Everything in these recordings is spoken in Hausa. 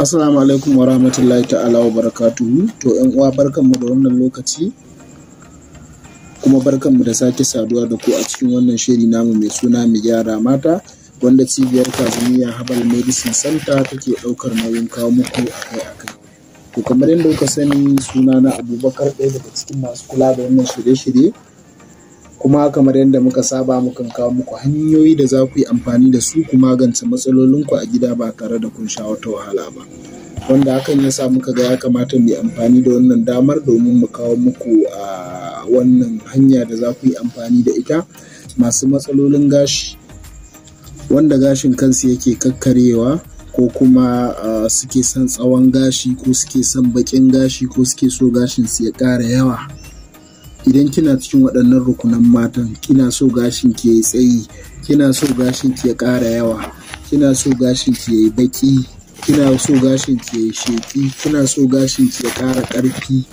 Assalamu alaikum wa rahmatullahi ta'ala wa barakatuhu. To ‘yan uwa barkanmu da wannan lokaci kuma barkanmu da sake saduwa da ku a cikin wannan shiri namu mai suna mi gyara mata wanda cibiyar Kazumiya Habal Medicine Center take ɗaukar nauyin kawo muku akai-akai. To kamar yadda kuka sani suna na Abubakar ɗaya daga cikin masu kula da wannan shirye-shirye kuma kamar yadda muka saba mukan kawo muku hanyoyi da za ku yi amfani da su ku magance matsalolinku a gida ba tare da kun sha wata wahala ba wanda hakan ya sa muka ga ya kamata mu yi amfani da wannan damar domin mu kawo muku a wannan hanya da za ku yi amfani da ita masu matsalolin gashi wanda gashin kansu yake kakkarewa ko kuma suke son tsawon gashi ko suke son baƙin gashi ko suke so gashin su ya ƙara yawa idan kina cikin waɗannan rukunan matan kina so gashin ki yayi tsayi kina so gashin ki ya ƙara yawa kina so gashin ki yayi baki kina so gashin ki yayi sheki kina so gashin ki ya ƙara ƙarfi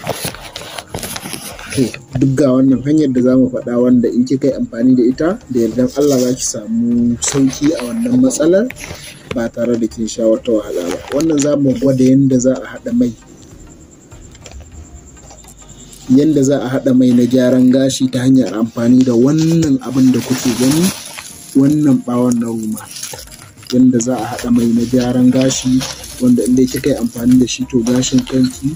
duk ga wannan hanyar da za mu faɗa wanda in kika yi amfani da ita da yardan Allah za ki samu sauki a wannan matsalar ba tare da kin sha wata wahala ba wannan zamu gwada yadda za a haɗa mai yadda za a haɗa mai na gyaran gashi ta hanyar amfani da wannan abin da kuke gani wannan ɓawon na Roma. yadda za a haɗa mai na gyaran gashi wanda inda kika yi amfani da shi to gashin kanki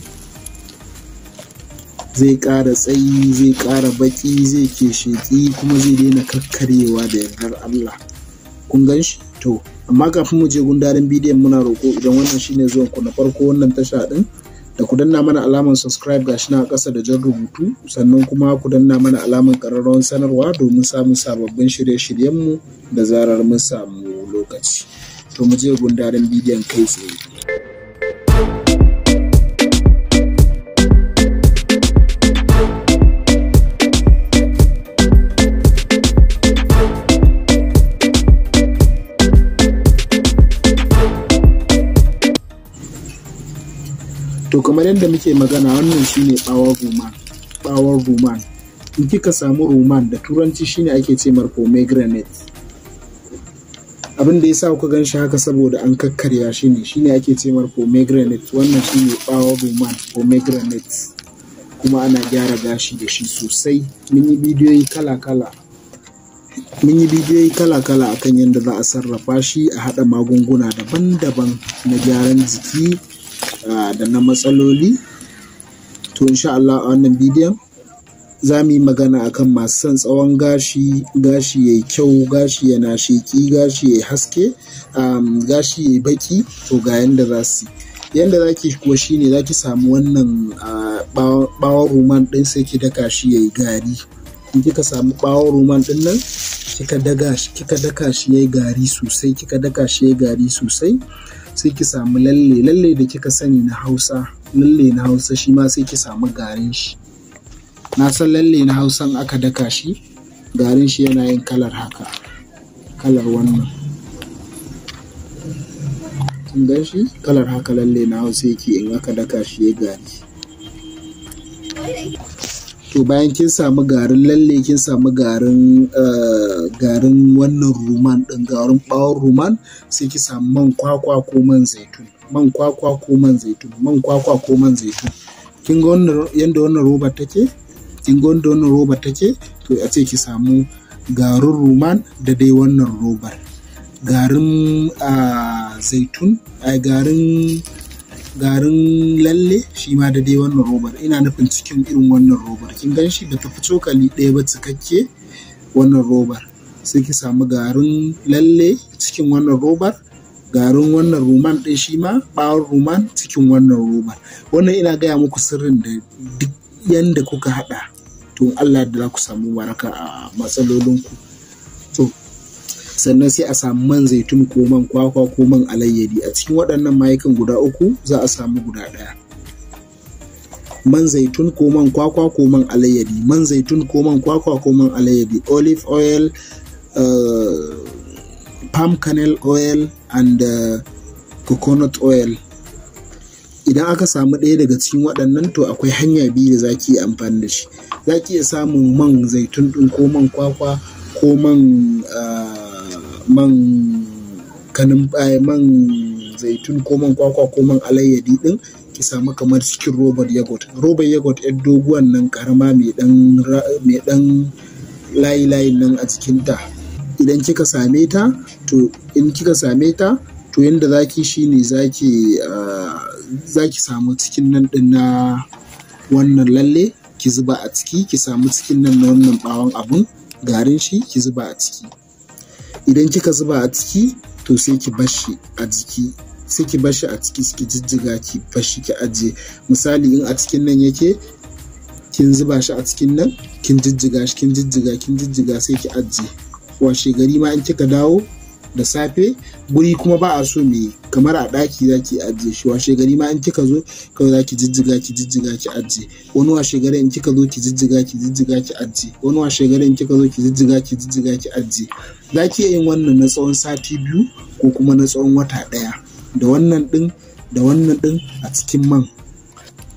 zai ƙara tsayi zai ƙara baƙi zai ke sheƙi kuma zai daina kakkaryewa da yardar Allah kun gan shi to amma kafin mu je gundarin bidiyon muna roƙo idan wannan shine zuwan ku na farko wannan tasha ɗin da ku danna mana alamar subscribe gashi na ƙasa da jan rubutu sannan kuma ku danna mana alamar ƙararrawar sanarwa domin samun sababbin shirye-shiryenmu da zarar mun samu lokaci to mu je gundarin bidiyon kai tsaye to kamar yadda muke magana wannan shine bawon roman bawon roman in kika samu roman da turanci shine ake ce mar pomegranate abin da ya sa kuka gan shi haka saboda an kakkarya shi ne shine ake ce mar pomegranate wannan shine bawon roman pomegranate kuma ana gyara gashi da shi sosai mun yi bidiyoyi kala-kala mun yi bidiyoyi kala-kala akan yadda za a sarrafa shi a haɗa magunguna daban-daban na gyaran jiki Ah, da na matsaloli to insha Allah a wannan bidiyon za mu yi magana akan masu son tsawon gashi gashi ya yi kyau gashi yana sheki gashi ya yi haske gashi ya yi baki to ga yanda za su yanda za ki kuwa shi ne, za ki samu wannan bawon roman ɗin sai ki daka shi ya yi gari in kika samu bawon roman ɗin nan kika daka shi ya yi gari sosai kika daka shi ya yi gari sosai sai ki samu lalle lalle da kika sani na hausa lalle na hausa shi ma sai ki samu garin shi na san lalle na Hausa aka daka shi garin shi yana yin kalar haka kalar wannan kun gan shi kalar haka lalle na hausa yake in aka daka shi ya gari to bayan kin samu garin lalle kin samu garin eh, garin wannan ruman din garin bawon ruman sai ki samu man kwakwa ko man zaitun man kwakwa ko man zaitun man kwakwa ko man zaitun kin ga wannan yanda wannan roba take kin ga wanda wannan roba take to a ce ki samu garin ruman da dai wannan robar garin ah, zaitun a garin garin lalle shi ma da dai wannan robar ina nufin cikin irin wannan robar kin gan shi bata fi cokali ɗaya ba cikakke wannan robar sai ki samu garin lalle cikin wannan robar garin wannan ruman ɗin shi ma ɓawon ruman cikin wannan robar wannan ina gaya muku sirrin da duk yanda kuka haɗa to Allah da za ku samu waraka a matsalolinku. sannan sai a samu man zaitun ko man kwakwa ko man alayyadi a cikin waɗannan mayukan guda uku za a samu guda ɗaya man zaitun ko man kwakwa ko man alayyadi man zaitun ko man kwakwa ko man alayyadi olive oil uh, palm kernel oil and uh, coconut oil idan aka samu ɗaya daga cikin waɗannan to akwai hanya biyu da zaki ki amfani da shi zaki iya samun man zaitun ɗin ko man kwakwa ko man uh, man kanin eh, man zaitun ko man kwakwa ko man alayyadi din ki samu kamar cikin robar yogurt robar yogurt yar doguwan nan karama mai dan mai layi layin nan a cikin ta idan kika same ta to in kika same ta to yanda zaki shine zaki ah, zaki samu cikin nan din na wannan lalle ki zuba a ciki ki samu cikin nan na wannan bawon abun garin shi ki zuba a ciki idan kika zuba a ciki to sai ki bashi a jiki sai ki bashi a ciki ki jijjiga ki bashi ki ajiye misali in a cikin nan yake kin zuba shi a cikin nan kin jijjiga shi kin jijjiga kin jijjiga sai ki ajiye washe gari ma in kika dawo da safe guri kuma ba a so me kamar a ɗaki za ki ajiye shi washe gari ma in kika zo kawai za ki jijjiga ki jijjiga ki ajiye wani washe gari in kika zo ki jijjiga ki jijjiga ki ajiye wani washe gari in kika zo ki jijjiga ki jijjiga ki ajiye za ki yin wannan na tsawon sati biyu ko kuma na tsawon wata ɗaya da wannan din da wannan din a cikin man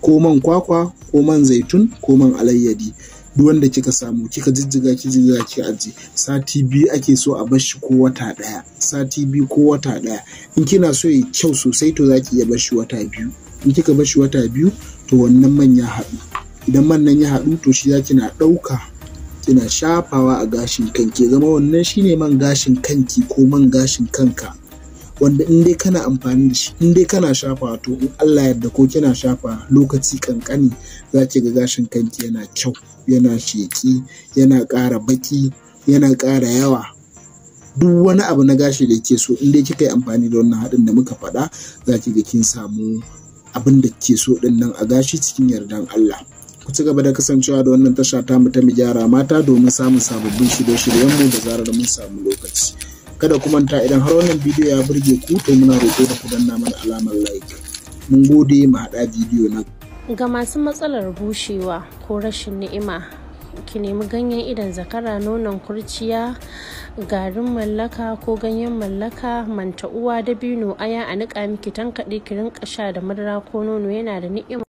ko man kwakwa ko man zaitun ko man alayyadi duk wanda kika samu kika jijjiga ki jijjiga ki aji sati biyu ake so a bar shi ko wata daya sati biyu ko wata daya in kina so ya kyau sosai to zaki iya bar shi wata biyu in kika bar shi wata biyu to wannan man ya haɗu idan man nan ya haɗu to shi za kina ɗauka kina shafawa a gashin kanki zama wannan shine man gashin kanki ko man gashin kanka wanda in dai kana amfani da shi in dai kana shafa to in Allah yarda ko kina shafa lokaci kankani za ki ga gashin kanki yana kyau yana sheki yana ƙara baki yana ƙara yawa duk wani abu na gashi da ke so in dai kika yi amfani da wannan haɗin da muka faɗa za ki ga kin samu abin da ke so ɗin nan a gashi cikin yardan Allah. ku ci gaba da kasancewa da wannan tasha ta mu ta mu gyara mata domin samun sababbin shirye-shiryenmu da zarar mun samu lokaci. kada ku manta idan har wannan bidiyo ya burge ku to muna roƙo da ku danna mana alamar like mun gode mu haɗa bidiyo na ga masu matsalar bushewa ko rashin ni'ima ki nemi ganyen idan zakara nonon kurciya garin mallaka ko ganyen mallaka manta uwa dabino aya a niƙa miki tankaɗe ki rinƙa sha da madara ko nono yana da ni'ima